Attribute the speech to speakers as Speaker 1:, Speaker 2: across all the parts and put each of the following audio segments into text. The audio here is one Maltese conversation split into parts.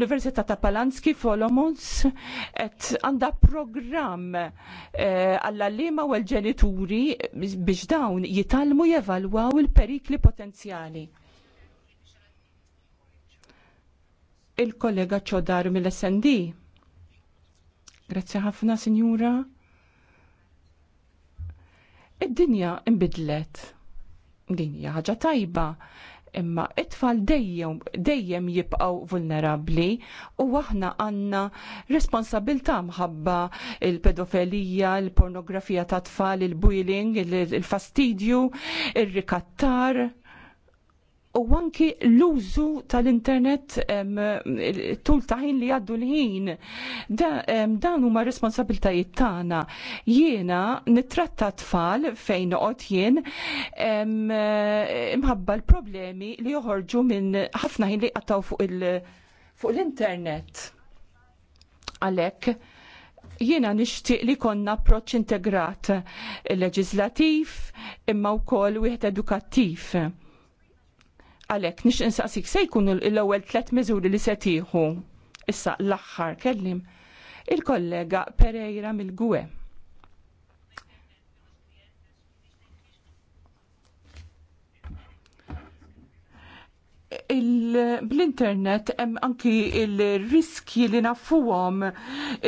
Speaker 1: L-Università ta' Palanski Folomons et għanda program eh, għall lima u l-ġenituri biex dawn jitalmu jevalwaw il-perikli potenzjali. Il-kollega ċodar mill-SND. Grazzi ħafna, signora. Id-dinja imbidlet. Dinja ħaġa tajba imma it-tfal dejjem dejjem jibqgħu vulnerabbli u aħna għandna responsabilità mħabba il-pedofilija, il-pornografija ta' tfal, il-bullying, il-fastidju, il-rikattar u anki l-użu tal-internet tul ta' ħin li għaddu l-ħin. Dan huma responsabiltajiet tagħna. Jiena nittratta tfal fejn qod jien imħabba l-problemi li joħorġu minn ħafna ħin li qattaw fuq l-internet. Għalhekk jiena nixtieq li konna approċċ integrat leġislattiv imma wkoll wieħed edukattiv Għalek, nix insaqsik se jkunu l-ewel tlet miżuri li se tieħu. Issa l-aħħar kellim il-kollega Pereira mil gwe bl-internet hemm anki il-riski li nafuhom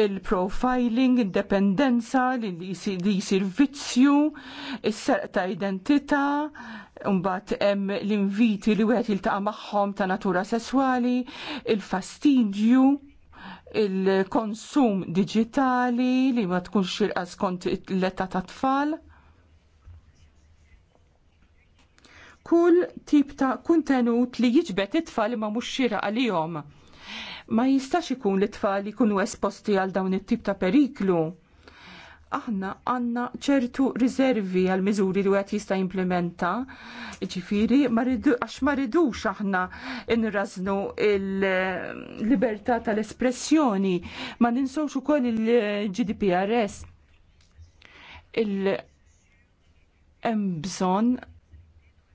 Speaker 1: il-profiling, indipendenza, li jisir vizzju, is-serq ta' identità, Umbat hemm l-inviti li wieħed jiltaqa' magħhom ta' natura sesswali, il-fastidju, il-konsum digitali li ma tkunx xirqa skont l-età ta' tfal kull tip ta' kuntenut li jiġbet it-tfal ma mhux xira għalihom. Ma jistax ikun li tfal ikunu esposti għal dawn it-tip ta' periklu. Aħna għanna ċertu riservi għal miżuri li għet jista' implementa, ġifiri, għax ma ridux aħna nrażnu il-libertà tal-espressjoni, ma ninsawx ukoll il-GDPRS il embżon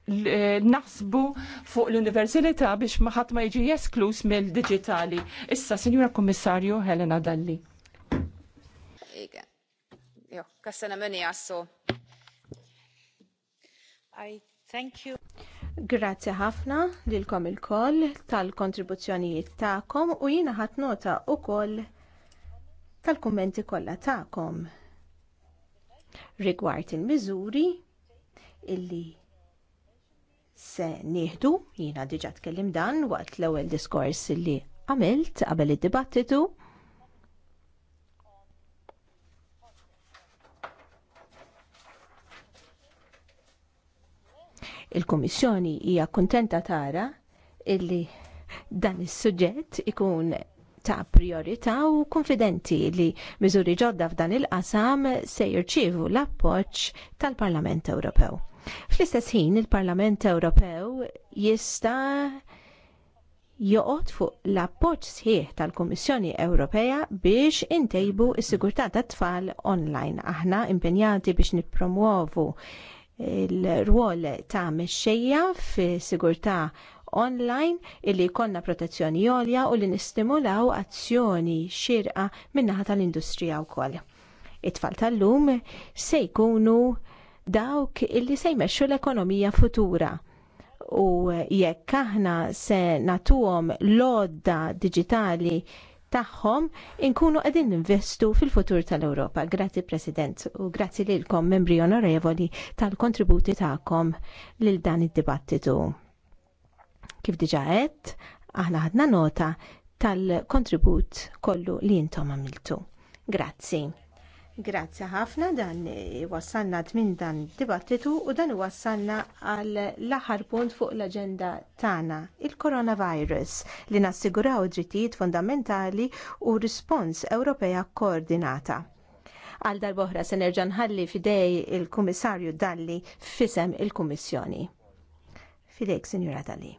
Speaker 1: Eh, naħsbu fuq l-universalità biex maħat ma jiġi jesklus mill-digitali. Issa, Signora Kommissarju Helena Dalli.
Speaker 2: Jo, kassana meni għassu. I thank you. Grazie ħafna lilkom il-koll tal-kontribuzzjonijiet ta'kom u jina ħat nota u koll tal-kommenti kollha ta'kom rigward il-miżuri illi se nieħdu, jiena diġa tkellim dan waqt l-ewwel diskors li għamilt qabel id-dibattitu. Il-Kummissjoni hija kuntenta tara illi dan is-suġġett ikun ta' priorità u konfidenti li miżuri ġodda f'dan il-qasam se jirċievu l-appoġġ tal-Parlament Ewropew. Fl-istess ħin il-Parlament Ewropew jista' joqgħod fuq l-appoġġ sħiħ tal-Kummissjoni Ewropea biex intejbu s-sigurtà tat-tfal online. Aħna impenjati biex nippromuovu il-rwol ta' mexxejja fis-sigurtà online illi jkollna protezzjoni jolja u li nistimulaw azzjoni xirqa min-naħa tal-industrija wkoll. It-tfal tal-lum se jkunu dawk illi se jmexxu l-ekonomija futura u jekk aħna se natuhom l-odda diġitali tagħhom inkunu qegħdin investu fil-futur tal-Ewropa. Grazzi President u grazzi lilkom membri onorevoli tal-kontributi tagħkom lil dan id-dibattitu. Kif diġa qed, aħna ħadna nota tal-kontribut kollu li intom għamiltu. Grazzi. Grazzi ħafna dan wassalna minn dan dibattitu u dan wassalna għal laħar aħħar punt fuq l agenda tagħna, il-coronavirus li nassiguraw drittijiet fundamentali u rispons Ewropea koordinata. Għal darb'oħra se nerġa' nħalli fidej il-Kummissarju Dalli fisem il-Kummissjoni. Fidejk, Sinjura Dalli.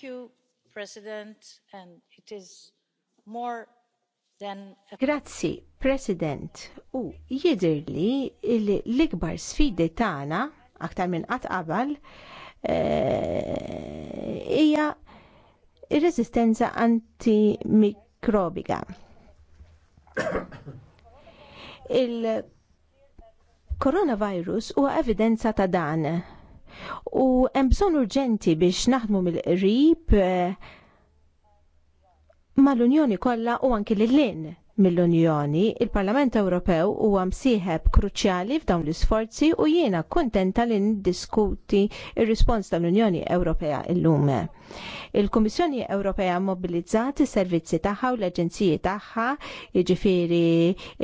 Speaker 2: You, President, than... Grazzi, President. U jidirli l-ikbar sfidi tagħna aktar minn qatt qabel eh, hija r ir-reżistenza antimikrobika. Il-coronavirus huwa evidenza ta' dan u hemm bżonn urġenti biex naħdmu mill-qrib eh, mal-Unjoni kollha u anki lil-lin mill-Unjoni, il-Parlament Ewropew huwa msieħeb kruċjali f'dawn l-isforzi u jiena kuntenta li ndiskuti ir-rispons tal-Unjoni Ewropea illum. Il-Kummissjoni Ewropea mobilizzat is-servizzi tagħha u l-aġenziji tagħha, jiġifieri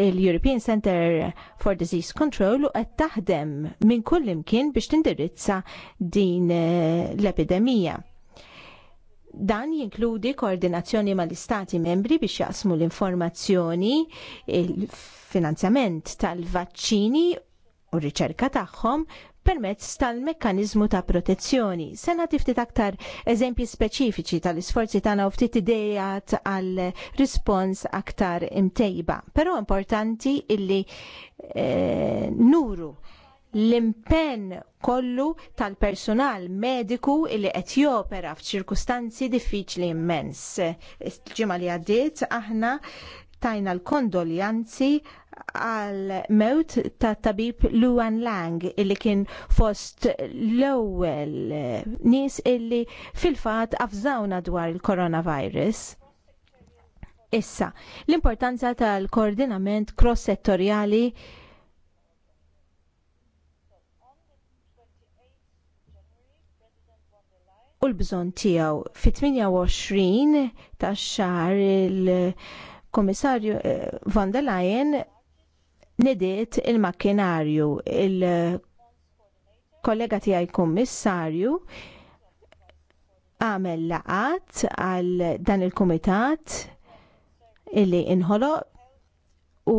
Speaker 2: l-European Center for Disease Control u qed taħdem minn kull imkien biex tindirizza din l-epidemija Dan jinkludi koordinazzjoni mal-istati membri biex jaqsmu l-informazzjoni, il-finanzjament tal-vaċċini u r-riċerka tagħhom permezz tal-mekkanizmu ta' protezzjoni. Sena tiftit aktar eżempji speċifiċi tal-isforzi tagħna u ftit idejat għal rispons aktar imtejba. Però importanti illi eh, nuru l-impenn kollu tal-personal mediku li qed jopera f'ċirkustanzi diffiċli immens. Il-ġimgħa li għaddiet aħna tajna l-kondoljanzi għal mewt ta' tabib Luan Lang illi kien fost l-ewwel nies illi fil-fat afżawna dwar il-coronavirus. Issa, l-importanza tal-koordinament cross-settorjali u l-bżon tijaw. Fit-28 ta' xar il-komissarju eh, von der Leyen nidiet il-makkinarju il-kollega tijaj komissarju għamel laqat għal dan il-komitat illi inħoloq u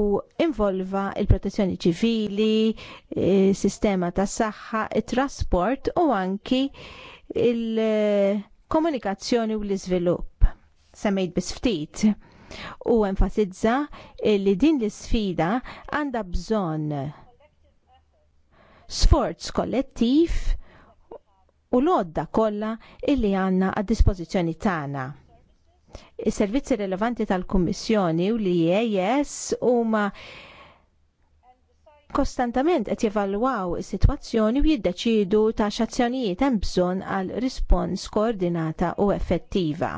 Speaker 2: involva il-protezzjoni ċivili, il sistema ta' saħħa, il-trasport u anki il-komunikazzjoni u l-iżvilupp. Semmejt bisftit u enfasizza li din l-sfida għandha bżonn sforz kollettiv u l-odda kollha illi għandna għad-dispożizzjoni tagħna. Is-servizzi rilevanti tal-Kummissjoni u l u e e huma kostantament qed jevalwaw is-sitwazzjoni u jiddeċidu ta' x'azzjonijiet hemm bżonn għal rispons koordinata u effettiva.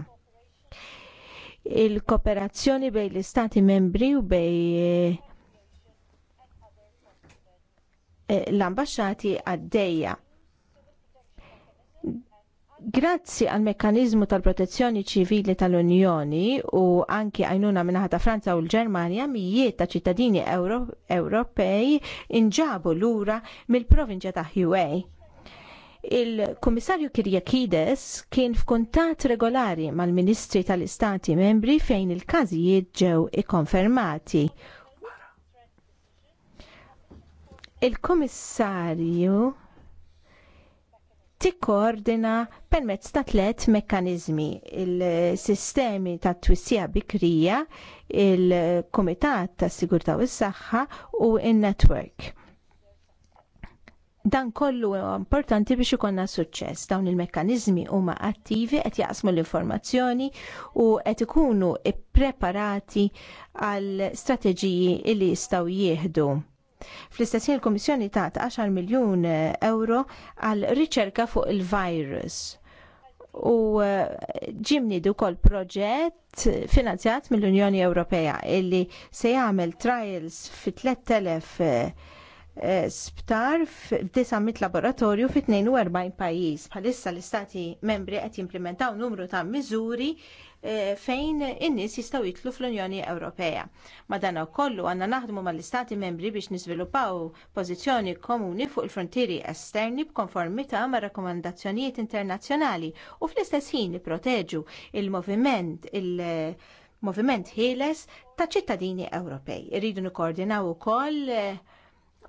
Speaker 2: Il-kooperazzjoni bejn l-Istati membri u bejn eh, l-ambasċati għaddejja Grazzi għal mekkanizmu tal-protezzjoni ċivili tal-Unjoni u anki għajnuna minnaħa ta' Franza u l-Ġermanja mijiet ta' ċittadini Ewropej inġabu lura mill-provinċja ta' Huey. Il-Kummissarju Kirjakides kien f'kuntat regolari mal-Ministri tal-Istati membri fejn il-każijiet ġew ikkonfermati. Il-Kummissarju tikkoordina permezz ta' tliet mekkaniżmi: il-sistemi ta' twissija bikrija, il-Kumitat tas Sigurtà is saħħa u in-network. Dan kollu importanti biex ikonna suċċess. Dawn il-mekkaniżmi huma attivi qed jaqsmu l-informazzjoni u qed ikunu ippreparati għal strateġiji li jistgħu jieħdu Fl-istess jien il-Kummissjoni tat 10 miljun euro għal riċerka fuq il-virus. U eh, ġimni du kol proġett finanzjat mill-Unjoni Ewropea illi se jagħmel trials fi 3000 Eh, sptar f mit laboratorju f 42 pajjiż. Bħalissa l-istati membri qed jimplementaw numru ta' miżuri eh, fejn in-nies jistgħu jitlu fl-Unjoni Ewropea. Madana kollu għandna naħdmu mal-istati membri biex niżviluppaw pożizzjoni komuni fuq il-frontieri esterni b'konformità ma' rakkomandazzjonijiet internazzjonali u fl-istess ħin nipproteġu il-moviment il-, -moviment, il moviment ħieles ta' ċittadini Ewropej. Irridu nikkoordinaw ukoll eh,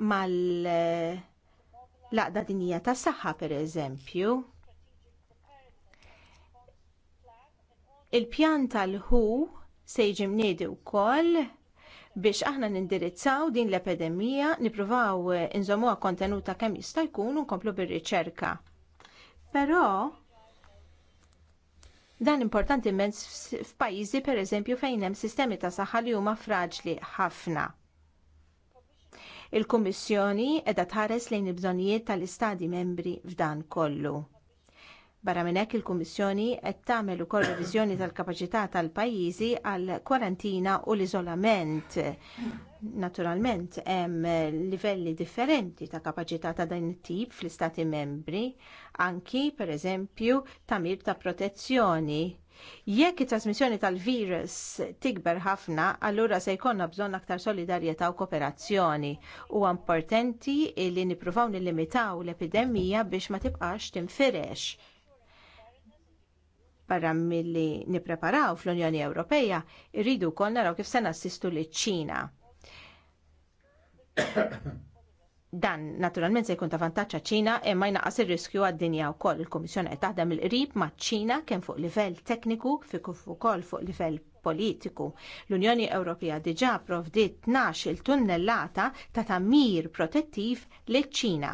Speaker 2: mal-laqda dinija ta' saħħa pereżempju. Il-pjan tal-ħu se jiġi mniedi wkoll biex aħna nindirizzaw din l-epidemija, nippruvaw inżomuha kontenuta kemm jista' jkun u nkomplu bir-riċerka. Però dan importanti immens f'pajjiżi pereżempju fejn hemm sistemi ta' saħħa li huma fraġli ħafna. Il-Kummissjoni qiegħda tħares lejn il-bżonnijiet tal-istadi membri f'dan kollu. Barra minn hekk il-Kummissjoni qed tagħmel ukoll reviżjoni tal-kapaċità tal-pajjiżi għal kwarantina u l-iżolament. Naturalment hemm livelli differenti ta' kapaċità ta' dan it-tip fl-Istati membri, anki pereżempju tamir ta' protezzjoni Jekk it-trasmissjoni tal-virus tikber ħafna, allura se jkollna bżonn aktar solidarjetà u kooperazzjoni. U importanti li nippruvaw nillimitaw l-epidemija biex ma tibqax timfirex. Barra milli nippreparaw fl-Unjoni Ewropea, irridu kollna naraw kif se nassistu liċ ċina Dan naturalment se jkun ta' vantaċċa ċina imma jnaqqas ir-riskju għad-dinja wkoll. Il-Kummissjoni qed taħdem il-qrib ma' ċina kemm fuq livell tekniku fuq ukoll fuq livell politiku. L-Unjoni Ewropea diġà provdiet 12 il-tunnellata ta' tamir protettiv liċ ċina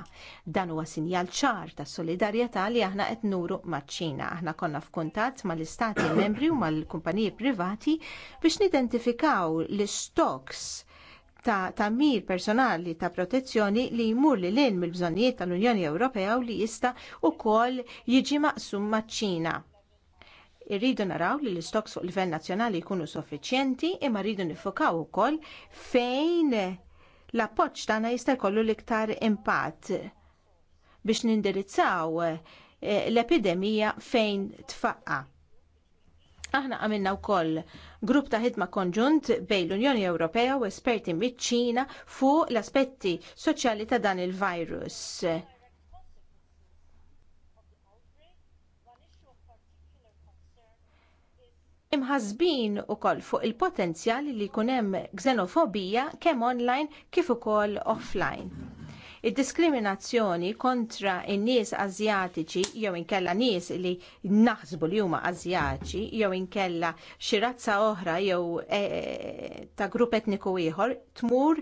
Speaker 2: Dan huwa sinjal ċar ta' solidarjetà li aħna qed nuru maċ ċina. Aħna konna f'kuntatt mal-istati membri u mal-kumpaniji privati biex nidentifikaw l-istoks ta' tammir personali ta' protezzjoni li jmur li lejn mill-bżonnijiet tal-Unjoni Ewropea u li jista' wkoll jiġi maqsum maċ-Ċina. Irridu naraw li l-istoks fuq livell nazzjonali jkunu suffiċjenti imma rridu nifokaw ukoll fejn l-appoġġ tagħna jista' jkollu l-iktar impatt biex nindirizzaw eh, l-epidemija fejn tfaqqa' Aħna għamilna wkoll grupp ta' ħidma konġunt bejn l-Unjoni Ewropea u esperti miċ-Ċina fuq l-aspetti soċjali ta' dan il-virus. imħazbin ukoll fuq il potenzjali li jkun hemm xenofobija kemm online kif ukoll offline. Id-diskriminazzjoni kontra n nies Azjatiċi jew inkella nies li naħsbu li huma Azjatiċi jew inkella xi razza oħra jew e, ta' grupp etniku ieħor tmur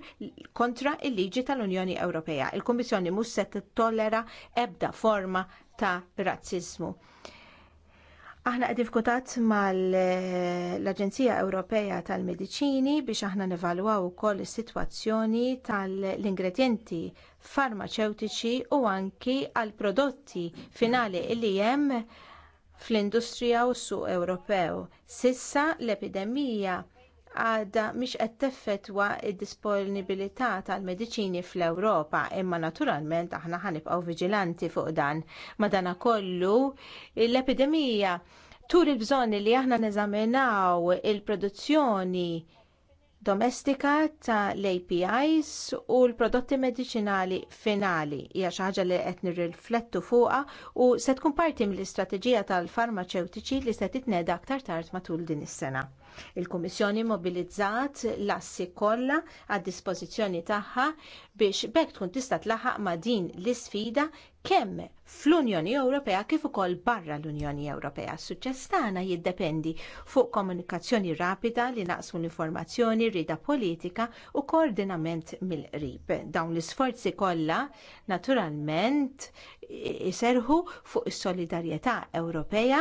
Speaker 2: kontra il-liġi tal-Unjoni Ewropea. Il-Kummissjoni mhux se tollera ebda forma ta' razziżmu. Aħna qed f'kutat mal-Aġenzija Ewropea tal-Mediċini biex aħna nevalwaw ukoll is-sitwazzjoni tal-ingredjenti farmaceutiċi u anki għal prodotti finali li hemm fl-industrija u s-suq Ewropew. Sissa l-epidemija għadha mhix qed teffettwa d-disponibilità tal-mediċini fl-Ewropa, imma naturalment aħna ħanibqgħu viġilanti fuq dan. Madankollu l-epidemija turi il-bżonn li aħna neżaminaw il-produzzjoni domestika tal-APIs u l-prodotti mediċinali finali hija xi ħaġa li qed nirriflettu fuqha u se tkun parti mill-istrateġija tal-farmaceutiċi li se titneda aktar tard matul din is-sena. Il-Kummissjoni mobilizzat l-assi kollha għad-dispożizzjoni tagħha biex bekk tkun tista' tlaħaq ma' din l-isfida kemm fl-Unjoni Ewropea kif ukoll barra l-Unjoni Ewropea. Suċċess tagħna jiddependi fuq komunikazzjoni rapida li naqsmu l-informazzjoni, rida politika u koordinament mill-qrib. Dawn l-isforzi kollha naturalment iserħu fuq is-solidarjetà Ewropea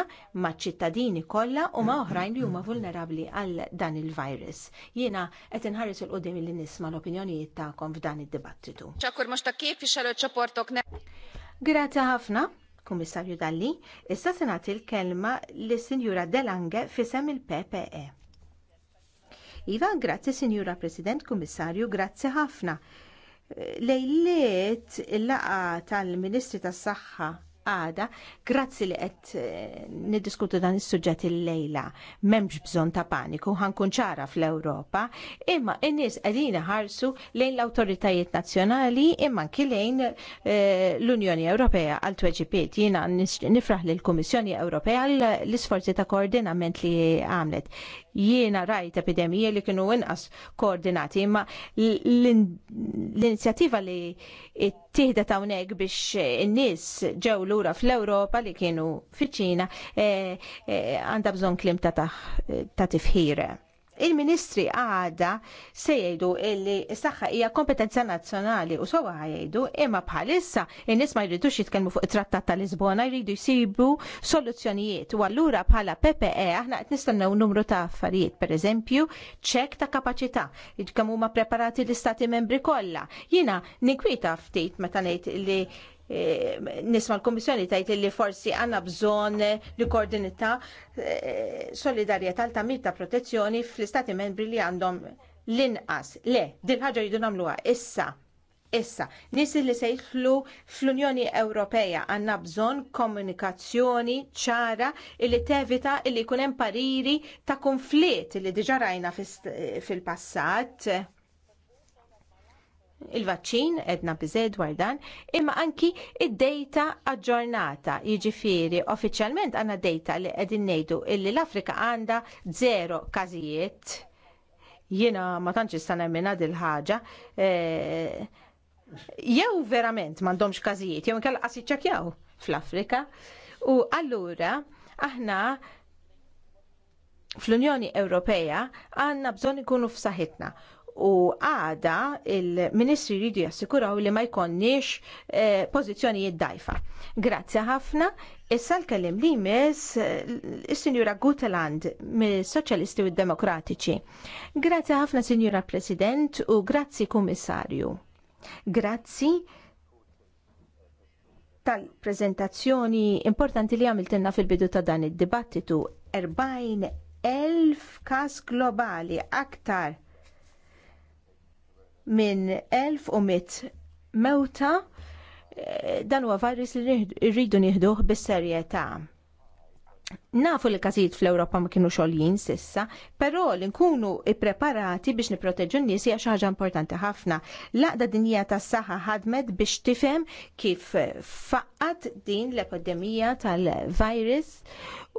Speaker 2: maċ ċittadini kollha u ma' oħrajn li huma vulnerabbli għal dan il-virus. Jiena qed inħares il qudiem li nisma' l-opinjonijiet tagħkom f'dan id-dibattitu.
Speaker 1: Ċakur mhux ta' kif
Speaker 2: Grazzi ħafna. Kummissarju Dalli, issa se nagħti l-kelma lis sinjura Delange fisem il-PPE. Iva, grazzi Sinjura President Kummissarju, grazzi ħafna lejliet il laqgħa tal-Ministri tas-Saħħa għada, grazzi li qed eh, niddiskutu dan is-suġġett il-lejla, m'hemmx bżonn ta' paniku, ħankun ċara fl-Ewropa, imma n-nies qegħdin ħarsu lejn l-awtoritajiet nazzjonali imma anki lejn eh, l-Unjoni Ewropea għal tweġibiet. Jiena nifraħ lill kummissjoni Ewropea l-isforzi ta' koordinament li għamlet. Jiena rajt epidemija li kienu inqas koordinati, imma l-inizjattiva li ta' hawnhekk biex in-nies ġew lura fl-Ewropa li kienu fiċ-Ċina eh, eh, għandha bżonn klim ta' tifħira il-ministri għada se jgħidu illi s-saxħa hija kompetenza nazzjonali u sowa jgħidu imma bħalissa in-nies ma jridux jitkellmu fuq it-Trattat ta' Lisbona jridu jsibu soluzzjonijiet u allura bħala PPE aħna qed nistennew numru ta' affarijiet pereżempju ċek ta' kapaċità kemm huma preparati l-istati membri kollha. Jiena ninkwieta ftit meta ngħid li Eh, nisma l-Komissjoni tajt li forsi għanna bżon li koordinita eh, solidarieta l-tamir ta' protezzjoni fl-istati membri li għandhom l-inqas. Le, din ħagġa jidu namluha issa. Issa, nis li sejħlu fl-Unjoni Ewropea għandna bżonn komunikazzjoni ċara li tevita li jkun hemm pariri ta' konflitt li diġarajna fil-passat. rajna fil-passat il-vaċċin edna biżej dwar dan, imma anki id-data aġġornata. Jiġifieri uffiċjalment għandna data li qegħdin ngħidu illi l-Afrika għandha zero każijiet. Jiena ma tantx istan nemmina dil-ħaġa. E, eh, jew verament m'għandhomx każijiet, jew inkella qas jiċċakjaw fl-Afrika. U allura aħna fl-Unjoni Ewropea għandna bżonn ikunu f'saħħitna u għada il-ministri jridu jassikuraw li ma jkonniex eh, pozizjonijiet dajfa. Grazzi ħafna. Issa l-kellim li mis eh, il-Sinjura Guteland mis soċjalisti u Demokratiċi. Grazzi ħafna Sinjura President u grazzi Kummissarju. Grazzi tal-prezentazzjoni importanti li għamiltinna fil-bidu ta' dan id-dibattitu 40.000 kas globali aktar minn 1100 mewta eh, dan huwa virus li rridu nieħduh bis-serjetà. Nafu li każijiet fl-Ewropa ma kienu xogħoljin sissa, però li nkunu ippreparati biex nipproteġu n-nies hija xi ħaġa importanti ħafna. Laqda dinja tas-saħħa ħadmet biex tifhem kif faqqat din l-epidemija tal-virus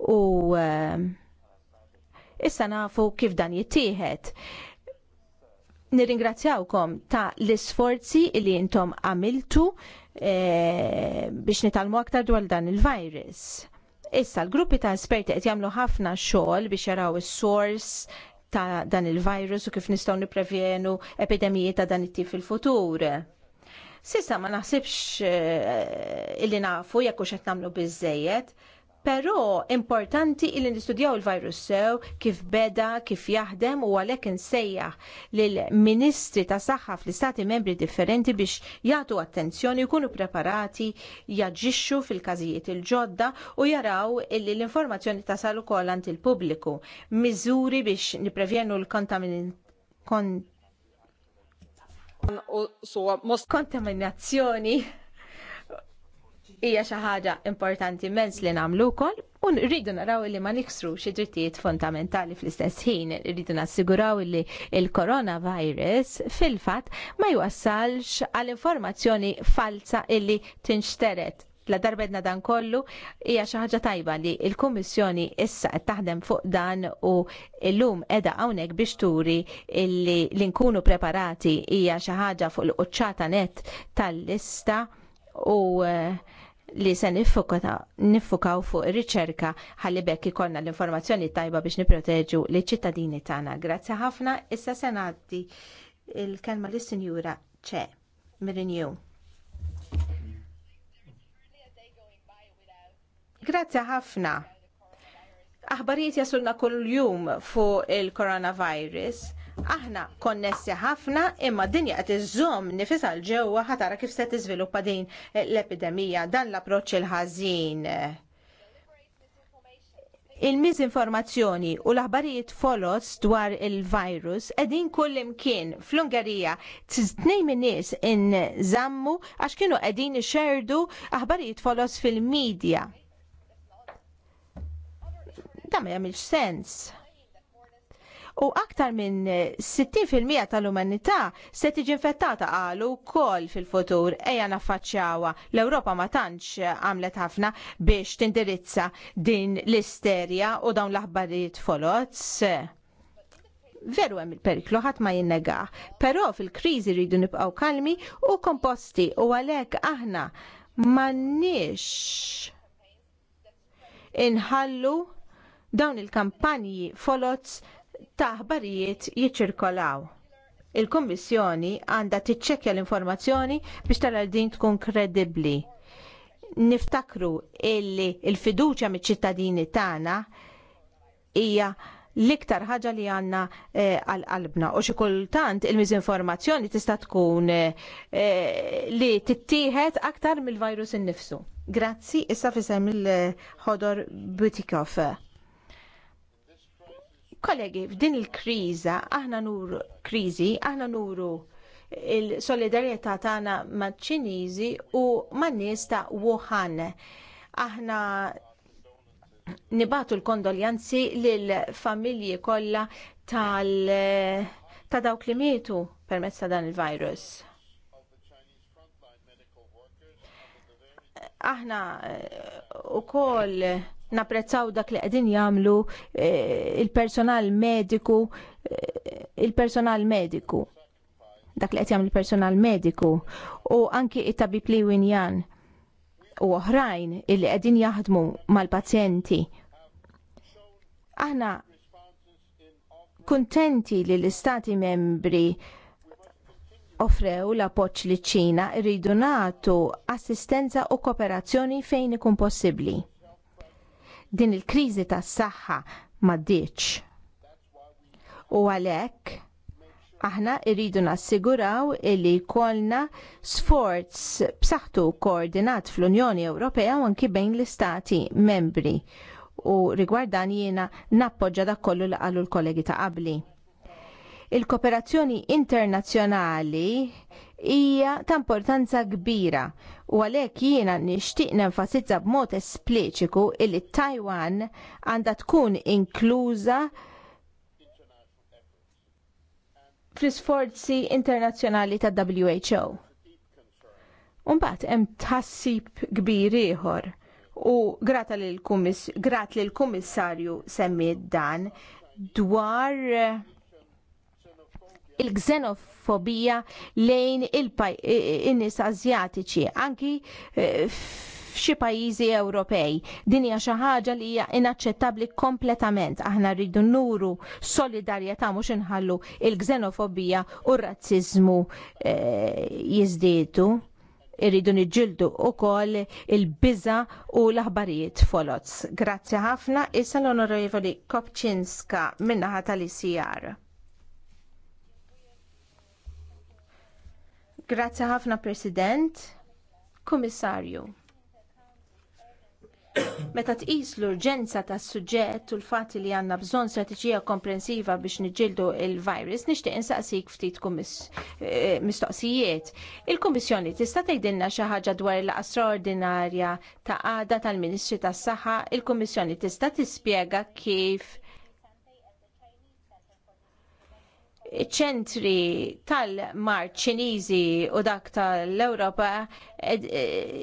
Speaker 2: u eh, issa nafu kif dan jittieħed nirringrazzjawkom ta' l-isforzi li intom għamiltu e, biex nitalmu aktar dwar dan il-virus. Issa l-gruppi ta' esperti qed jagħmlu ħafna xogħol biex jaraw is-sors ta' dan il-virus u kif nistgħu nipprevjenu epidemiji ta' dan it-tip fil-futur. Sissa ma naħsibx uh, illi nafu jekk hux qed nagħmlu biżejjed, Però importanti li nistudjaw il-virus sew kif beda, kif jaħdem u għalhekk insejjaħ lill ministri ta' saħħa fl-istati membri differenti biex jagħtu attenzjoni jkunu preparati jaġixxu fil-każijiet il-ġodda u jaraw illi l-informazzjoni tasal ukoll għand il-pubbliku. Miżuri biex niprevjenu l-kontamin kontaminazzjoni hija xi ħaġa importanti mens li nagħmlu wkoll u rridu naraw li ma niksru xi drittijiet fundamentali fl-istess ħin, rridu nassiguraw li il-coronavirus fil-fatt ma jwassalx għal informazzjoni falsa illi tinxteret. La darbedna dan kollu hija xi ħaġa tajba li l-Kummissjoni issa qed taħdem fuq dan u llum qiegħda hawnhekk biex turi li li nkunu preparati hija xi ħaġa fuq l-quċċata net tal-lista u uh, li se niffukaw fuq ir-riċerka ħalli bekk ikonna l-informazzjoni tajba biex niproteġu li ċittadini tagħna. Grazzi ħafna, issa se nagħti l kelma lis sinjura ċe Mirinju. Grazzi ħafna. Aħbarijiet jasulna kull jum fuq il-coronavirus Aħna konnessi ħafna imma dinja qed iżżomm nifisha l ġewwa ħatara kif se tiżviluppa din l-epidemija dan l-approċċ il-ħażin. Il-miżinformazzjoni u l-aħbarijiet folos dwar il-virus edin kullimkien fl-Ungarija t-tnej minnis in-zammu għax kienu edin xerdu aħbarijiet folos fil-medja. Da ma jamilx sens u aktar minn 60% tal-umanità se tiġi infettata qalu wkoll fil-futur ejja naffaċċjawha. L-Ewropa ma tantx għamlet ħafna biex tindirizza din l-isterja u dawn l-aħbarijiet folots. Veru hemm il-periklu ħadd ma jinnegah, però fil-kriżi rridu nibqgħu kalmi u komposti u għalhekk aħna m'għandniex inħallu dawn il-kampanji folots Taħbarijiet jiċirkolaw. il kummissjoni għandha tiċċekkja l-informazzjoni biex tara din tkun kredibbli. Niftakru illi il-fiduċja miċ-ċittadini tagħna hija l-iktar ħaġa li għanna eh, għal qalbna u xi kultant il-miżinformazzjoni tista' tkun eh, li tittieħed aktar mill-virus innifsu. Grazzi, issa fisem il-ħodor Butikov. Kollegi, f'din il-kriża, aħna nuru kriżi, aħna nuru il-solidarieta tagħna maċ-Ċiniżi u man-nies ta' Wuhan. Aħna nibatu l-kondoljanzi lill familji kollha tal ta' dawk li mietu permezz ta' dan il-virus. Aħna eh, u koll napprezzaw dak li qegħdin jagħmlu eh, il-personal mediku eh, il-personal mediku dak li qed jagħmlu il-personal mediku u anki it-tabib li winjan u oħrajn illi qegħdin jaħdmu mal-pazjenti. Aħna kuntenti li l-istati membri offrew l-appoġġ li ċina rridu nagħtu assistenza u kooperazzjoni fejn ikun possibbli din il-kriżi tas-saħħa m'għaddiċ. U għalhekk aħna irridu nassiguraw illi jkollna sforz b'saħħtu koordinat fl-Unjoni Ewropea u anki bejn l-istati membri. U rigward dan jiena nappoġġa dak kollu li qalu l-kollegi ta' qabli. Il-kooperazzjoni internazzjonali hija ta' importanza kbira u għalhekk jiena nixtieq nenfasizza b'mod espliċiku li Taiwan għandha tkun inkluża fl-isforzi internazzjonali ta' WHO. Umbat hemm tħassib kbir ieħor u grat lill-Kummissarju semmi dan dwar il-gżenofobija lejn il-nies Azjatiċi, anki eh, f'xi pajjiżi Ewropej. Din hija xi ħaġa li hija inaċċettabbli kompletament. Aħna rridu nuru solidarjetà mhux inħallu il-gżenofobija u r-razziżmu e, eh, jiżdiedu. Irridu niġġieldu wkoll il-biża u l-aħbarijiet folots. Grazzi ħafna, issa l-Onorevoli Kopċinska min-naħa tal-ICR. Grazzi ħafna President, Kummissarju. Meta tqis l-urġenza tas suġġett u l-fatt li għandna bżonn strateġija komprensiva biex niġġieldu l virus nixtieq insaqsik ftit eh, mistoqsijiet. Il-Kummissjoni tista' tgħidilna xi ħaġa dwar il straordinarja ta' għada tal-Ministri tas-Saħħa, il-Kummissjoni tista' tispjega kif ċentri tal-mar ċiniżi u dak tal-Ewropa eh, eh,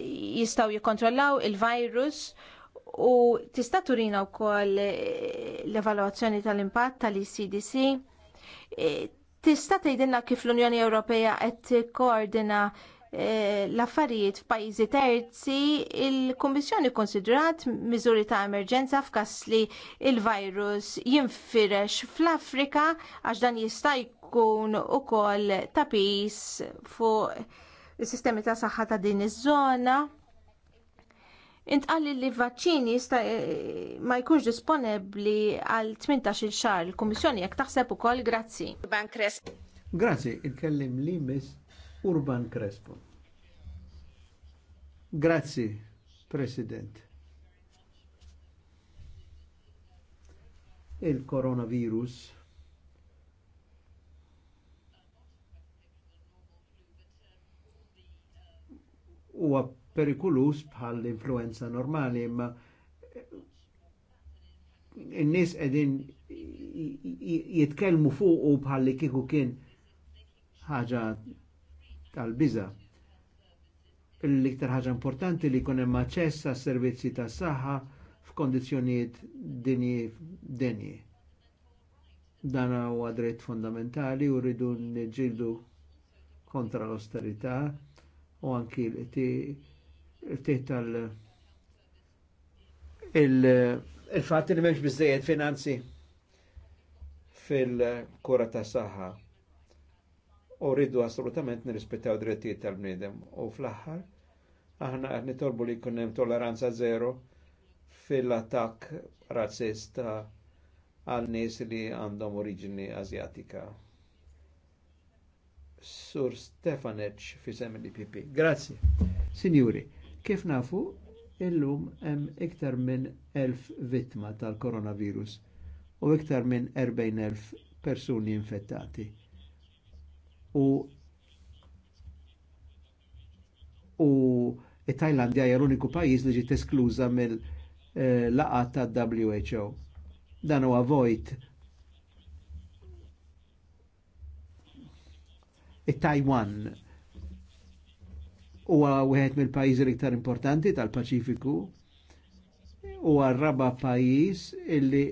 Speaker 2: jistgħu jikkontrollaw il-virus u tista' turina wkoll eh, l-evalwazzjoni tal-impatt tal-ICDC. Tista' tgħidilna kif l-Unjoni Ewropea qed tikkoordina Eh, l-affarijiet f'pajjiżi terzi, il-Kummissjoni konsidrat miżuri ta' emerġenza f'każ li l virus jinfirex fl-Afrika għax dan jista' jkun ukoll ta' pis fuq is-sistemi ta' saħħa ta' din iż-żona intqalli li vaċċini eh, ma jkunx disponibbli għal 18 xahar il-Kummissjoni jekk taħseb ukoll grazzi. Urban Crespo.
Speaker 3: Grazzi, il-kellim li miss Urban Crespo. Grazzi, President. Il-coronavirus huwa perikulus bħal l-influenza normali, imma n-nis edin jitkelmu fuq u bħalli kiku kien ħaġa tal-biza l-iktar ħaġa importanti li jkun hemm aċċess għas servizzi tas saħħa f'kondizzjonijiet dinji denji. Dan huwa dritt fundamentali u rridu niġġieldu kontra l-austerità u anki l-tiet tal- il-fatt li m'hemmx biżejjed finanzi fil-kura ta' saħħa u rridu assolutament nirrispettaw drittijiet tal-bniedem u fl-aħħar Aħna qed torbu li jkun hemm tolleranza zero fil-attakk razzista għal nies li għandhom oriġini Azjatika. Sur Stefanec fi semmi PP. Grazzi. Signori, kif nafu, illum hemm iktar minn elf vittma tal-koronavirus u iktar minn 40.000 persuni infettati. U u Tajlandja hija l-uniku pajjiż li ġiet eskluża mill-laqa ta' who Dan huwa vojt it-Taiwan huwa wieħed mill-pajjiżi l-iktar importanti tal-Paċifiku huwa raba pajjiż illi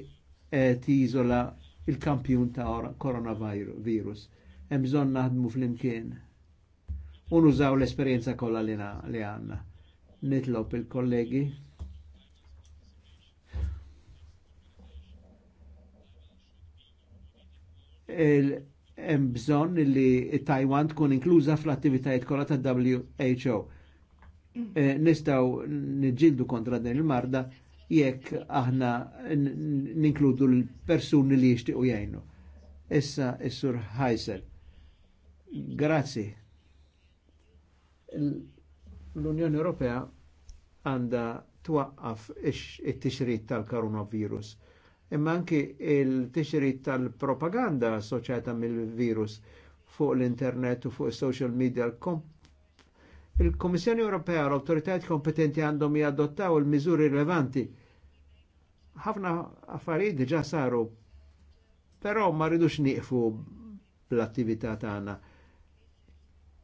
Speaker 3: qed jiżola il-kampjun ta' koronavirus. Hemm bżonn naħdmu flimkien. Unużaw l-esperienza kollha li għanna. Nitlob il-kollegi hemm bżonn li Taiwan tkun inkluża fl-attivitajiet kollha ta' who eh, Nistgħu niġġieldu kontra din il-marda jekk aħna ninkludu l-persuni li jixtiequ jgħinu. Issa is-sur Heisel. Grazzi l-Unjoni Ewropea għandha twaqqaf it-tixrid tal-coronavirus. Imma anki il-tixrid tal-propaganda assoċjata mill-virus fuq l-internet u fuq social media il-Komissjoni Ewropea l autoritajiet kompetenti għandhom jadottaw il-miżuri rilevanti. Ħafna affarijiet diġà saru, però ma rridux nieqfu bl-attività tagħna. Ta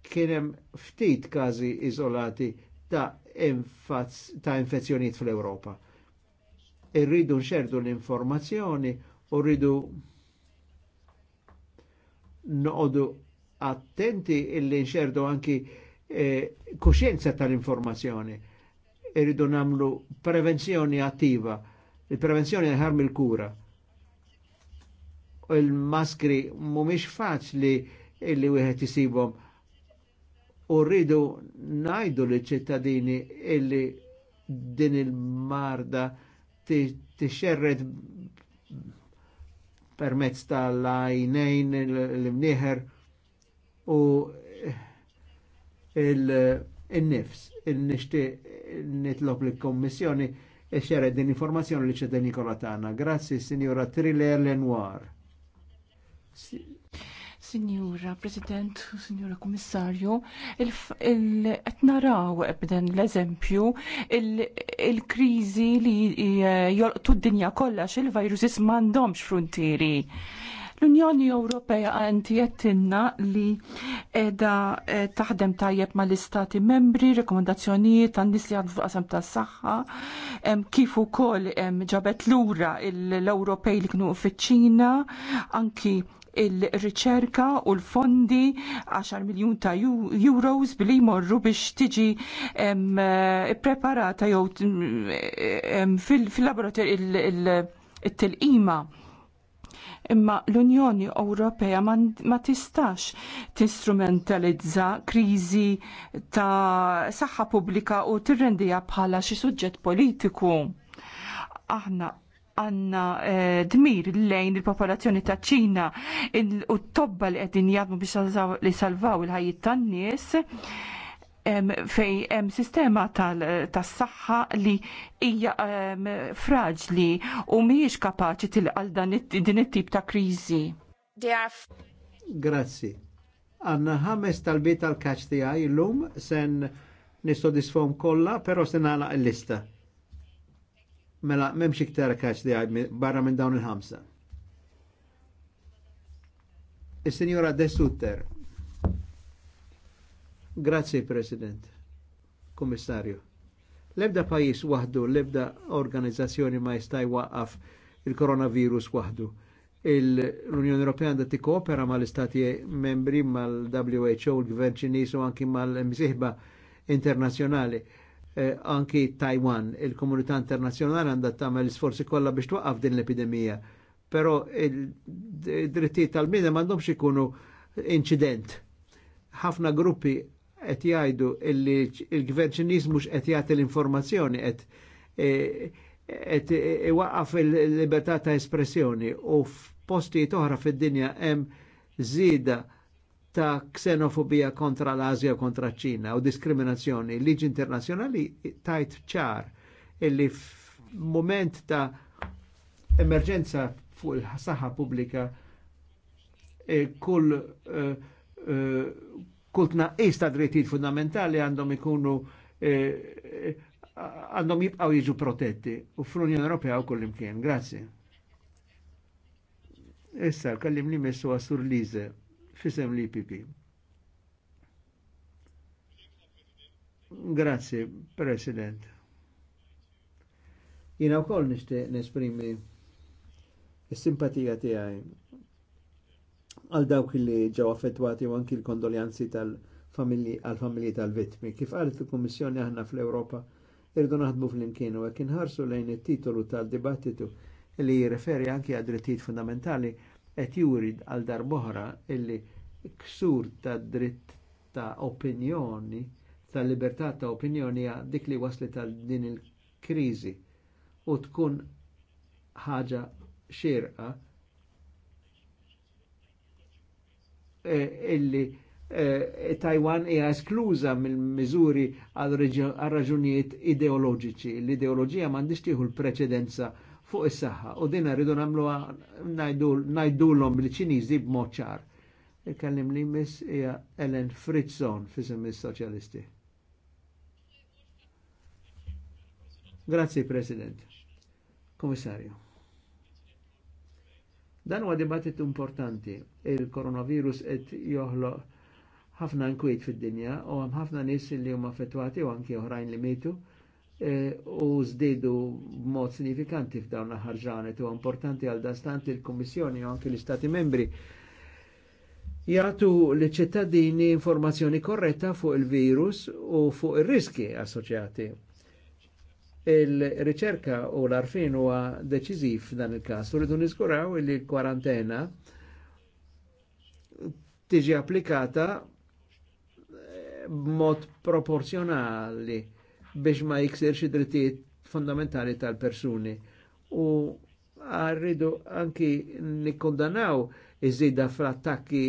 Speaker 3: kienem ftit kazi izolati ta' ta' infezzjoniet fl-Europa. Irridu nxerdu l-informazzjoni u rridu noqdu attenti illi nxerdu anki eh, kuxjenza tal-informazzjoni. Irridu namlu prevenzjoni attiva. Il-prevenzjoni ħarm il-kura. Il-maskri mumiex faċli illi wieħed isibhom u rridu najdu li ċittadini illi din il-marda tixerred permezz tal-ajnejn l mniħer u il-nifs, il-nishti nitlop li kommissjoni xered din informazzjoni li ċittadini kolatana. Grazzi, signora Trille Lenoir.
Speaker 1: Signora President, Signora Kommissarju, qed naraw b'dan l-eżempju il-kriżi li jolqtu d-dinja kollha il-virusis m'għandhomx frontieri l-Unjoni Ewropea għanti jettinna li edha e, taħdem tajjeb ma l-istati membri, rekomandazzjonijiet tan nies li għaddu f'qasam ta' saħħa, kif ukoll ġabet lura l-Ewropej li kienu fiċ-Ċina, anki il-riċerka u l-fondi 10 miljun ta' euros billi jmorru biex tiġi eh, preparata jew mm, fil-laboratorju il-tilqima. Imma l-Unjoni Ewropea ma tistax tinstrumentalizza kriżi ta' saħħa pubblika u tirrendija bħala xi suġġett politiku. Aħna għanna eh, dmir lejn il-popolazzjoni ta' ċina u t-tobba li għedin jadmu biex li salvaw il-ħajjiet tan-nies fej em, sistema tas-saħħa li hija fraġli u mhijiex kapaċi tilqal din it-tip ta' kriżi.
Speaker 3: Grazzi. Għanna ħames tal-bit tal-kaċ tiegħi lum sen nistgħu kolla, kollha, però se nagħlaq il-lista mela memx iktar kaċ di barra minn dawn il-ħamsa. il senjora De Sutter. Grazie, President. Kommissarju. Lebda pajis wahdu, lebda organizzazzjoni ma jistaj waqaf il-koronavirus wahdu. L-Unjoni Ewropea għandha tikkoopera mal-Istati membri mal-WHO, l-Gvern Ċiniż u anki mal-Msieħba internazzjonali eh, anki Taiwan. Il-komunità internazjonali għandha tagħmel sforzi kollha biex twaqqaf din l-epidemija. Però id-drittijiet tal-bniedem m'għandhomx ikunu incident. Ħafna gruppi qed jgħidu li l gvern Ċiniż mhux qed jagħti l-informazzjoni qed eh, qed iwaqqaf il-libertà ta' espressjoni u f'postijiet oħra fid-dinja hemm żieda ta' ksenofobija kontra l-Azja kontra ċina u diskriminazzjoni. Liġi internazjonali tajt ċar illi f moment ta' emerġenza fuq il-saħħa pubblika e kull uh, uh, kull tnaqqis ta' drittijiet fundamentali għandhom ikunu e, għandhom eh, jibqaw jiġu protetti u fl-Unjoni Ewropea u kull imkien. Grazzi. Issa, kallim li messu għasur Lize fisem li pipi. Grazie, President. Jina u koll nishti nesprimi s-simpatija tiegħi għal dawk li ġew affettwati u anki l-kondoljanzi tal-familji għal-familji tal-vittmi. Kif qalet il-Kummissjoni aħna fl-Ewropa irdu naħdmu fl-imkien u għek lejn it-titolu tal-dibattitu li jirreferi anki għad drittijiet fundamentali qed jurid għal darboħra illi ksur ta' dritt ta' opinjoni, ta' libertà ta' opinjoni għad dik li wasli għal din il-kriżi u tkun ħaġa xirqa e, illi e, Taiwan hija eskluża mill-miżuri għal raġunijiet ideoloġiċi. L-ideoloġija m'għandix tieħu l-preċedenza fuq is-saħħa u din rridu nagħmluha ngħidulhom bil-Ċiniżi b'mod ċar. il li miss hija Ellen Fritzon fisem is-Soċjalisti. Grazzi President. Komissarju. Dan huwa dibattit importanti. Il-koronavirus qed joħloq ħafna nkwit fid-dinja u hemm ħafna nies li huma fetwati u anki oħrajn li mitu Eh, u zdidu mod signifikanti f'dawn l-ħarġanet u importanti għal dastant il-Kummissjoni u anke l-Istati membri jgħatu li ċittadini informazzjoni korretta fuq il-virus u fuq il-riski assoċjati. Il-riċerka u l-arfin huwa deċiżiv dan il-każ u rridu niskuraw li l-kwarantena tiġi applikata b'mod proporzjonali biex ma jiksirx drittijiet fondamentali tal-persuni. U għarridu anki nikkondannaw iż-żida fl-attakki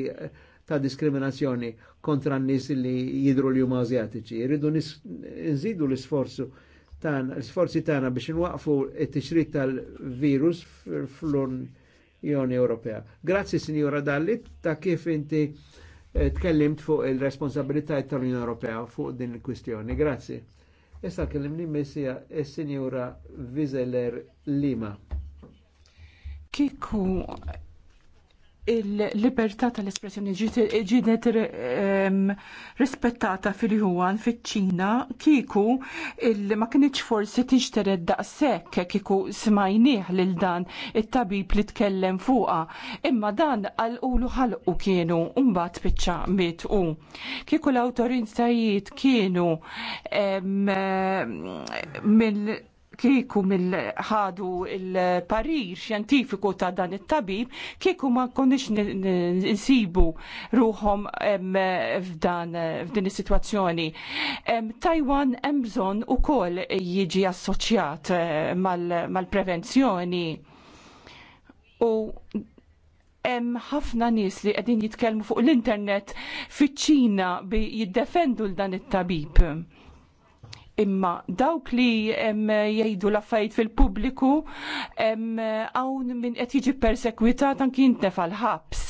Speaker 3: ta' diskriminazzjoni kontra n-nis li jidru li huma azjatiċi. Irridu nżidu l-isforzu tan, l isforzi tagħna biex nwaqfu t-tixrid tal-virus fl-Unjoni Ewropea. Grazzi Sinjura Dalli ta' kif inti eh, tkellimt fuq il-responsabilità tal-Unjoni Ewropea fuq din il-kwistjoni. Grazzi. Issa kellimni messija il-Sinjura e Vizeler Lima. Kiku
Speaker 1: il-libertà tal-espressjoni ġiet rispettata fil-Juan fiċ-Ċina kieku ma kinitx forsi tinxtered daqshekk kieku smajnieh lil dan it-tabib li tkellem fuqha. Imma dan għalqulu ħalqu kienu mbagħad biċċa miet u. Kieku l-awtorinzajiet kienu mill kieku mill-ħadu il-parir xjentifiku ta' dan it-tabib, kieku ma konniex insibu ruhom f'dan f'din is-sitwazzjoni. Taiwan hemm bżonn ukoll jiġi assoċjat eh, mal-prevenzjoni. U hemm ħafna nies li qegħdin jitkellmu fuq l-internet fiċ-Ċina bi jiddefendu l dan it-tabib Imma dawk li jgħidu l fajt fil-pubbliku hawn min qed jiġi persekwitat anki jintnef għal ħabs.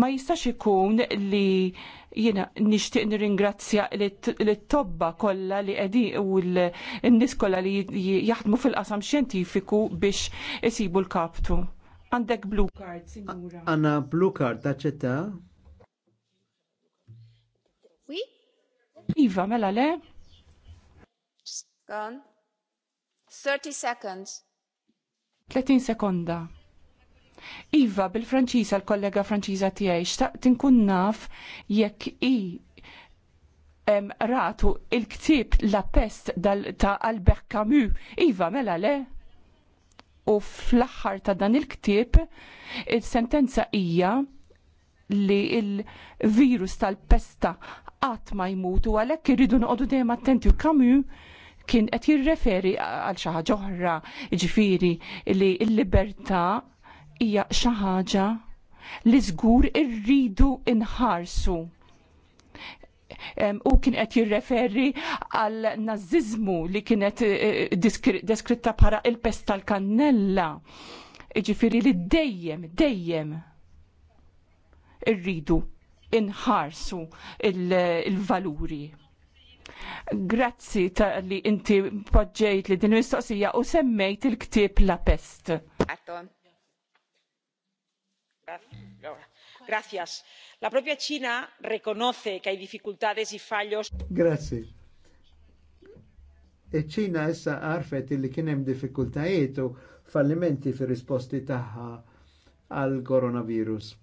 Speaker 1: Ma jistax ikun li jiena nixtieq nirringrazzja lit-tobba kollha li għedi u l nis kolla li jaħdmu fil-qasam xjentifiku biex isibu l-kaptu. Għandek blue card, sinjura.
Speaker 3: Għanna blue card taċċetta Iva, mela le?
Speaker 1: Just gone.
Speaker 2: 30 seconds.
Speaker 1: 30 sekonda. Iva, bil-Franċiża, l-kollega Franċiża tiegħi, xtaq tinkun naf jekk i em, ratu il-ktib la pest dal, ta' Albert Camus. Iva, mela le? U fl-aħħar ta' dan il-ktib, il-sentenza hija li il-virus tal-pesta qatt ma jmutu għalhekk irridu noqogħdu dejjem attenti u kamu kien qed jirreferi għal xi ħaġa oħra, ġifieri li l-libertà hija xi ħaġa li żgur irridu inħarsu. u kien qed jirreferi għal naziżmu li kienet eh, eh, deskritta para il-pest tal-kannella. Ġifieri li dejjem, dejjem irridu inħarsu il-valuri. Grazzi ta li inti poġġejt li din mistoqsija u semmejt il-ktib La Pest.
Speaker 2: Gracias. La propia China reconoce que hay dificultades y fallos.
Speaker 3: Grazie. E ċina essa issa għarfet li kien hemm diffikultajiet u fallimenti fir-risposti tagħha al koronavirus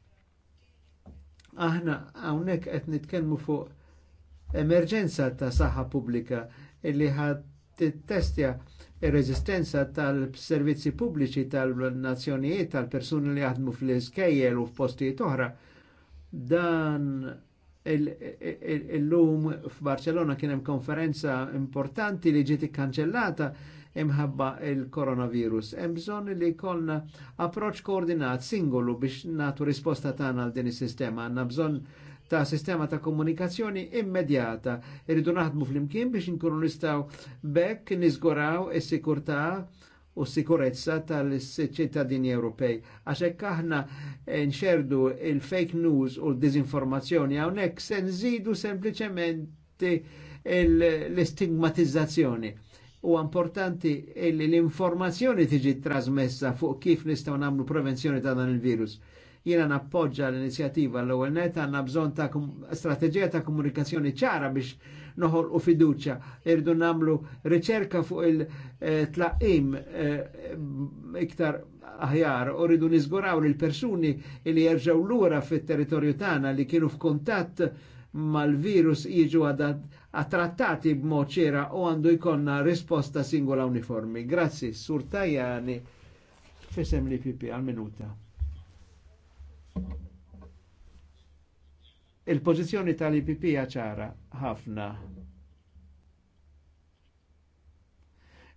Speaker 3: Aħna hawnhekk qed nitkellmu fuq emerġenza ta' saħħa publika illi ħad testja il-rezistenza tal-servizzi pubbliċi tal-nazzjonijiet tal-persuni li għadmu fl-iskejjel u f'postijiet oħra. Dan il-lum f'Barcelona kien hemm konferenza importanti li ġiet kanċellata imħabba il-koronavirus. Hemm bżonn li jkollna approċ koordinat singolu biex natu risposta tagħna għal din is-sistema. Għanna bżonn ta' sistema ta' komunikazzjoni immedjata. Irridu naħdmu fl-imkien biex nkunu nistaw bekk nizguraw is-sikurtà u sikurezza tal-ċittadini Ewropej. Għaxek aħna nxerdu il-fake news u l-dizinformazzjoni hawnhekk se nżidu sempliċement l-istigmatizzazzjoni u importanti li l-informazzjoni tiġi trasmessa fuq kif nistgħu nagħmlu prevenzjoni ta' dan il-virus. Jiena nappoġġa l-inizjattiva l-ewwel net għandna bżonn ta' strateġija ta' komunikazzjoni ċara biex noħol u fiduċa. Irdu namlu riċerka fuq il-tlaqim eh, eh, iktar aħjar u rridu nizguraw li l-persuni li jerġaw lura fit territorju tagħna li kienu f'kuntatt mal-virus jiġu attrattati b'mod ċera u għandu jkonna risposta singola uniformi. Grazzi, Sur Tajani, fesem li pipi għal-minuta. Il-pozizjoni tal-IPP ħafna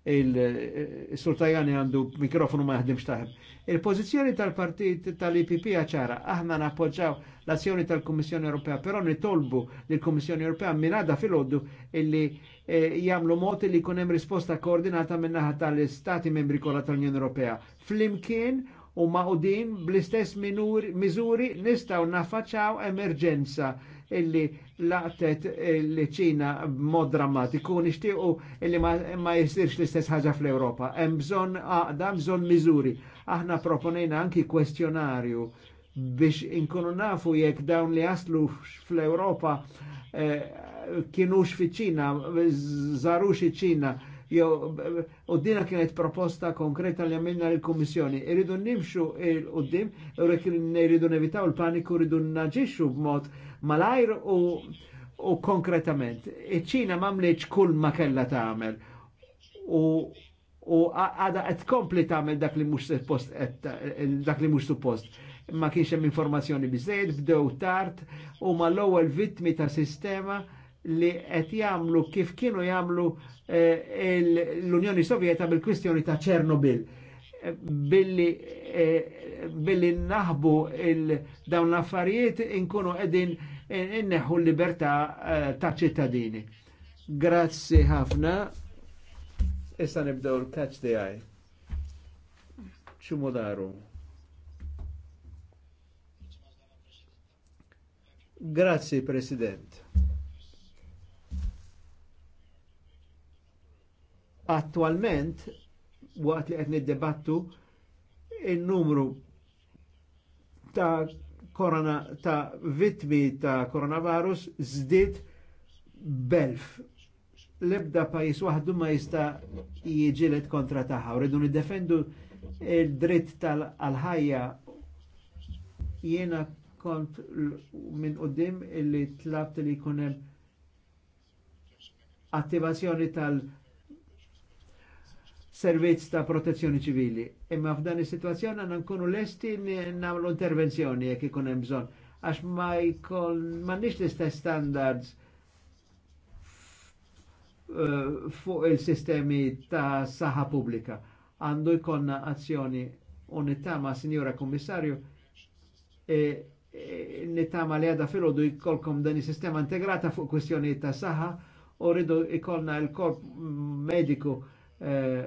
Speaker 3: il-sultajani eh, għandu mikrofonu ma jaħdimx taħem. Il-pozizjoni tal-partit tal-IPP ċara, aħna nappoġġaw l-azzjoni tal-Kommissjoni Ewropea, però nitolbu l-Kommissjoni Ewropea minada fil-oddu illi eh, jamlu mod li kunem risposta koordinata minnaħa tal-Stati membri kollha tal-Unjoni Ewropea. Flimkien u maqudin bl-istess miżuri nistaw nafaċaw emerġenza illi laqtet eh, li ċina mod drammatiku nixtiequ li ma jsirx l-istess ħaġa fl europa Hemm bżonn għaqda, bżonn miżuri. Aħna proponejna anki kwestjonarju biex inkunu nafu jekk dawn li jaslu fl europa eh, kienux fi ċina, zarux ċina, u dina kienet proposta konkreta li għamilna l komissjoni Irridu nimxu il-qoddim, irridu nevitaw il-paniku, irridu b b'mod malajr u, u konkretament. Iċ-Ċina mamliċ kull ma kella tagħmel u u għada qed kompli tagħmel dak li mhux suppost dak li mux suppost. Ma kienx hemm informazzjoni bizzejt, bdew tard u ma l-ewwel vittmi ta' sistema li qed jagħmlu kif kienu jagħmlu eh, l-Unjoni Sovjeta bil-kwistjoni ta' Ċernobil billi, eh, billi naħbu il-dawn l-affarijiet inkunu edin inneħu l-libertà eh, ta' ċittadini. Grazzi ħafna. Issa nibdew il-catch the eye. daru. Grazzi, President. Attualment waqt li qed niddebattu in numru ta' korona ta' vittmi ta' koronavirus żdied belf. Lebda pajis waħdu ma jista jiġilet kontra tagħha. Rridu niddefendu il-dritt tal-ħajja jiena kont minn qudiem illi tlabt li jkun hemm attivazzjoni tal- servizz ta' protezzjoni ċivili. Imma f'dan is-sitwazzjoni għandna nkunu lesti nagħmlu intervenzjoni jekk ikun hemm bżonn għax ma jkun m'għandix l-istess standards eh, fuq il-sistemi ta' saħħa pubblika. Għandu jkollna azzjoni unittama, Sinjora Sinjura Kummissarju e, e nittama li għadha filgħodu jkollkom dan is sistema integrata fuq kwestjoni ta' saħħa u rridu jkollna il-korp mediku eh,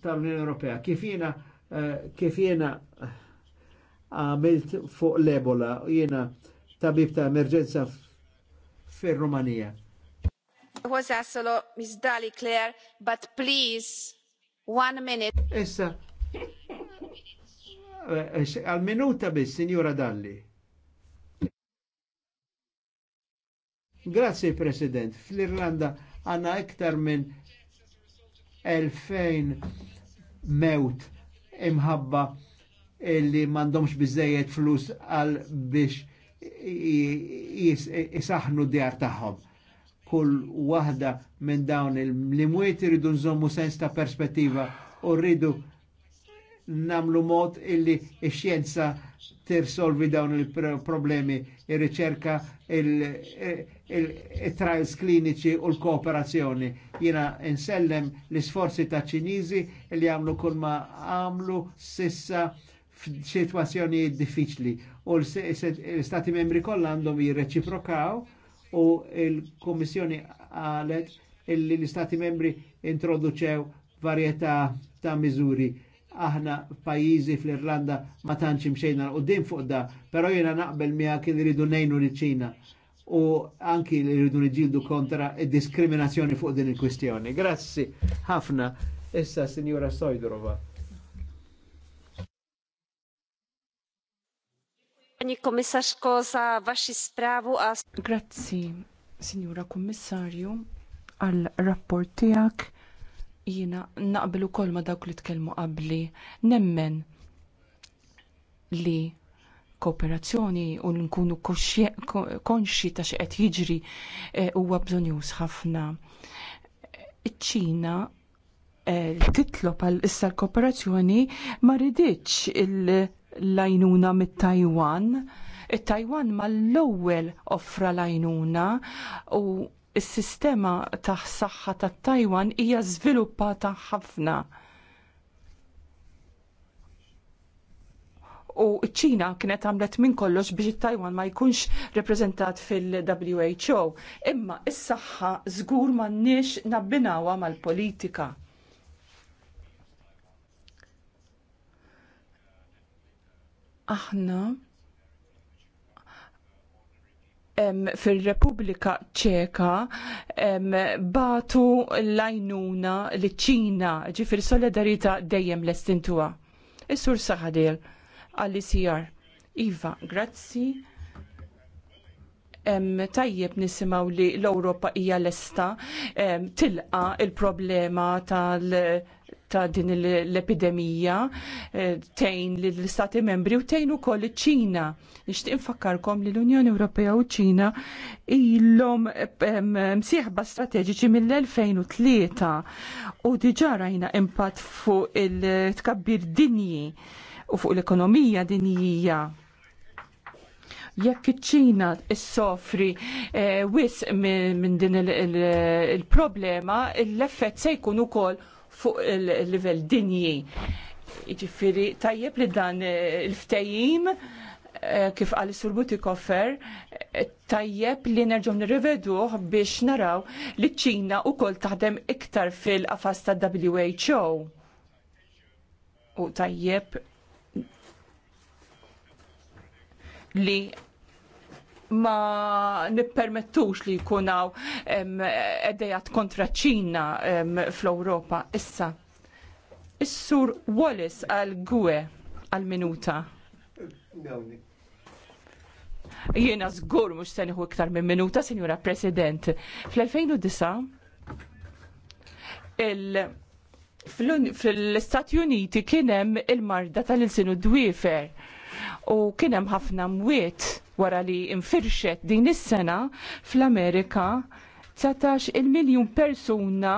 Speaker 3: tal-Unjoni Ewropea. Kif jiena eh, kif jiena eh, għamilt fuq l-Ebola, jiena tabib ta' emerġenza fir It
Speaker 1: Was asolo Miss Dali Claire, but please one minute. Issa
Speaker 3: eh, għal minuta bis Signora Dalli. Grazie President, fl-Irlanda għanna iktar minn 2000 mewt imħabba li mandomx bizzejiet flus għal biex jisaxnu d-djar taħħob. Kull wahda minn dawn il-limwiet irridu nżommu sens ta' perspettiva u rridu namlu mod illi xjenza tirsolvi dawn il-problemi, il-riċerka, il-trials kliniċi u l-kooperazzjoni. Jina insellem l-sforzi ta' ċinizi li għamlu kull ma għamlu sissa f'sitwazzjoni diffiċli u l-Stati membri kollha għandhom jirreċiprokaw u l-Kommissjoni għalet illi l stati membri introduċew varjetà ta' miżuri aħna pajizi fl-Irlanda ma tantx imxejna l-qoddim fuq da, pero jena naqbel miegħek kien rridu nejnu liċ u anki li rridu nġildu kontra diskriminazzjoni fuq din il-kwistjoni. Grazzi ħafna issa Sinjura Sojdrova.
Speaker 1: Pani komisarko za vaxi sprawu Grazzi, Signora Kommissarju, għal rapportijak. Jiena naqbel kol ma dawk li tkellmu qabli, nemmen li kooperazzjoni u nkunu konxi ta' xi qed jiġri eh, huwa bżonjuż ħafna. Iċ-Ċina eh, titlob għal issa l-kooperazzjoni ma ridiċ l-lajnuna mit-Tajwan. It-Tajwan mal-ewwel offra lajnuna u is-sistema ta' saħħa ta' Taiwan hija żviluppata ħafna. U ċ-Ċina kienet għamlet minn kollox biex Taiwan ma jkunx reprezentat fil-WHO. Imma is-saħħa żgur m'għandniex nabbinawha mal-politika. Aħna fil-Repubblika ċeka batu l-lajnuna li ċina ġifir solidarita dejjem l-estintuwa. Is-sur saħadil għall-ICR. Iva, grazzi. tajjeb nisimaw li l-Europa hija lesta tilqa il-problema tal- ta' din l-epidemija eh, tejn l-istati membri u tejn u koll ċina. Nishtiq infakkarkom li l-Unjoni Ewropea u ċina illum msieħba strateġiċi mill-2003 u diġa rajna impatt fuq il-tkabbir dinji u fuq l-ekonomija dinjija jekk iċ-Ċina s-sofri eh, wis minn din il-problema, l-effett se jkun ukoll fuq il-livell dinji. Ġifiri, tajjeb li dan eh, il-ftejim eh, kif għal surbuti koffer, eh, tajjeb li nerġom nirriveduħ biex naraw li ċina u kol taħdem iktar fil-qafas ta' WHO. U tajjeb li ma nippermettux li jkunaw edejat kontra ċina fl-Europa. Issa, Is-sur Wallis għal-gwe għal-minuta. Jiena żgur mhux se nieħu iktar minn minuta, Sinjura President. Fl-2009 il fl-Istati Uniti kien hemm il-marda tal-insinu d-wifer u kien hemm ħafna mwiet wara li infirxet din is-sena fl-Amerika 19 il-miljun persuna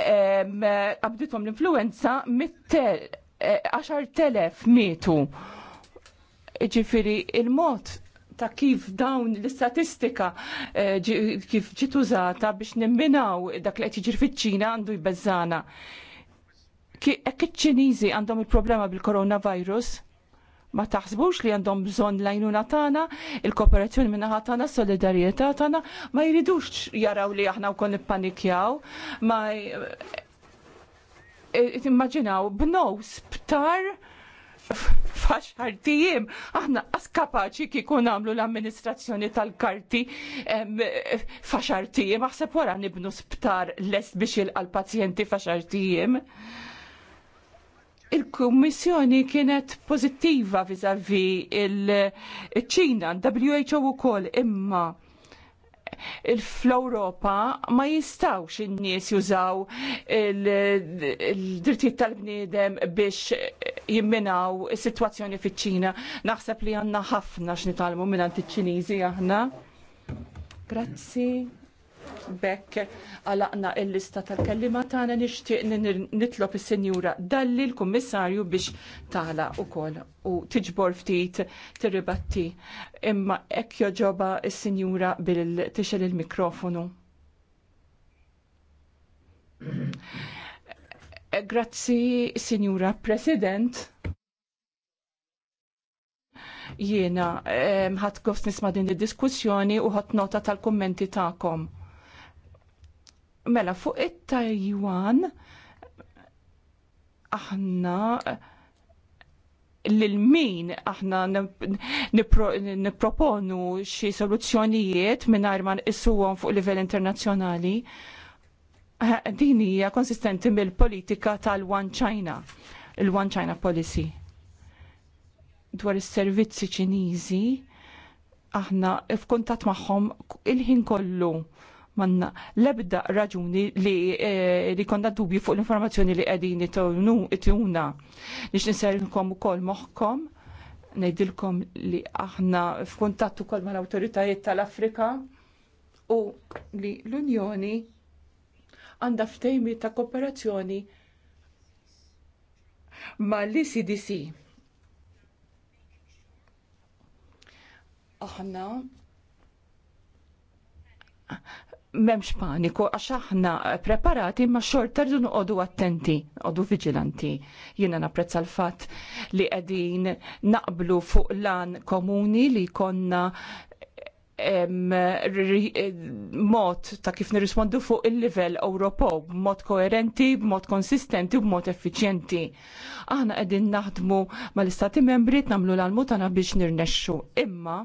Speaker 1: qabdithom l-influenza mit-tel 10,000 e, mietu. Ġifiri, il-mod ta' kif dawn l-istatistika e, kif ġiet użata biex nimminaw dak li qed jiġri fiċ-Ċina għandu jbeżżana. Hekk iċ-Ċiniżi għandhom il-problema bil-coronavirus, ma taħsbux li għandhom bżonn lajnuna tagħna, il-kooperazzjoni naħa tagħna, solidarjetà tagħna, ma jridux jaraw li aħna wkoll nippanikjaw, ma e, e, immaġinaw b'nows b'tar faċ ħartijiem, aħna kapaċi kiku namlu l-amministrazzjoni tal-karti faċ ħartijiem, aħseb wara nibnu sptar lest biex il-pazjenti faċ ħartijiem il-Kummissjoni kienet pozittiva vis il-ċina, WHO u kol imma fl-Europa ma jistawx in-nies jużaw il-drittijiet tal-bniedem biex jimminaw is-sitwazzjoni fiċ-Ċina. Naħseb li għandna ħafna x'nitalmu minn iċ-Ċiniżi aħna. Grazzi. Bekk għalaqna il-lista tal-kellima tagħna nixtieq nitlob is-Sinjura Dalli l-Kummissarju biex tala ukoll u tiġbor ftit tirribatti. Imma hekk joġoba is-Sinjura bil tixel il-mikrofonu. Grazzi, Sinjura President jiena eh, ħadd gost nisma' din id-diskussjoni u ħadd nota tal-kummenti tagħkom. Mela, fuq it-Tajwan, aħna l-min aħna niproponu xi soluzzjonijiet mingħajr ma nqisuhom fuq livell internazzjonali. Din hija konsistenti mill-politika tal-One China, il-One China Policy. Dwar is-servizzi Ċiniżi aħna f'kuntatt magħhom il-ħin kollu manna lebda raġuni li eh, li konna dubju fuq l-informazzjoni li qegħdin tuna Nix u ukoll moħħkom ngħidilkom li aħna kol ma mal-awtoritajiet tal-Afrika u li l-Unjoni għandha ftejmi ta' kooperazzjoni mal-ICDC. Aħna memx paniku, għax aħna preparati ma xor rridu noqogħdu attenti, noqogħdu vigilanti. Jiena napprezza l-fatt li qegħdin naqblu fuq lan komuni li konna mod ta' kif nirrispondu fuq il-livell Ewropew b'mod koerenti, b'mod konsistenti, b'mod effiċjenti. Aħna qegħdin naħdmu mal-istati membri tnamlu l-almutana biex nirnexxu. Imma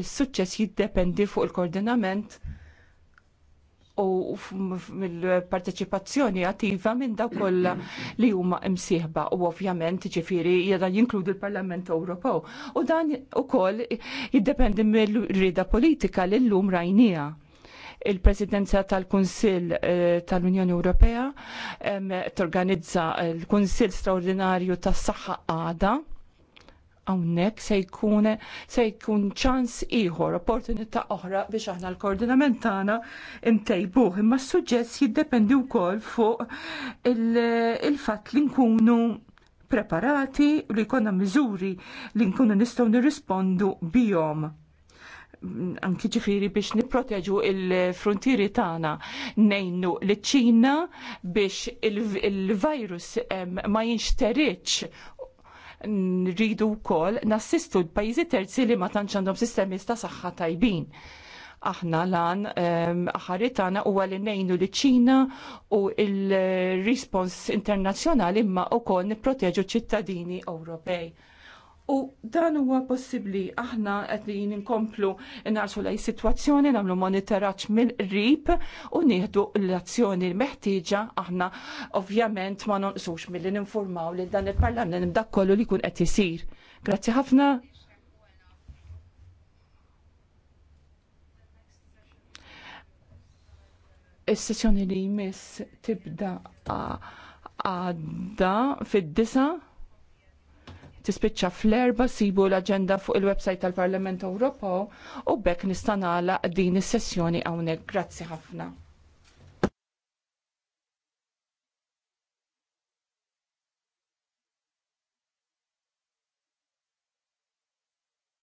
Speaker 1: is-suċċess jiddependi fuq il-koordinament u mill-parteċipazzjoni attiva minn daw kollha li huma imsieħba u ovvjament ġifiri jeda jinkludu l-Parlament Ewropew. U dan ukoll jiddependi mill-rida politika li llum rajnija il-presidenza tal-Kunsill eh, tal-Unjoni Ewropea torganizza l-Kunsill straordinarju tas-saħħa għada hawnhekk se jkun se jkun ċans ieħor, opportunità oħra biex aħna l-koordinament tagħna ntejbuh. Imma s-suġġess jiddependi wkoll fuq il-fatt li nkunu preparati u li jkollna miżuri li nkunu nistgħu nirrispondu bihom anki ġifiri biex niproteġu il-frontieri tagħna nejnu li ċina biex il-virus ma jinxteriċ nridu wkoll nassistu l pajizi terzi li ma tantx għandhom sistemi ta' saħħa tajbin. Aħna lan ehm, aħaritana huwa li ngħinu li ċina u l-respons internazzjonali u wkoll nipproteġu ċittadini Ewropej U dan huwa possibbli aħna qed ninkomplu narsu lej sitwazzjoni nagħmlu monitoraġġ mill-qrib u nieħdu l-azzjoni meħtieġa aħna ovvjament ma nonqsux milli ninformaw lil dan il-Parlament dak kollu li jkun qed isir. Grazzi ħafna. Is-sessjoni li jmiss tibda għadda fid-disa' tispiċċa fl-erba sibu l-agenda fuq il-website tal-Parlament Ewropew u bekk nista' nagħlaq din is-sessjoni hawnhekk. Grazzi ħafna.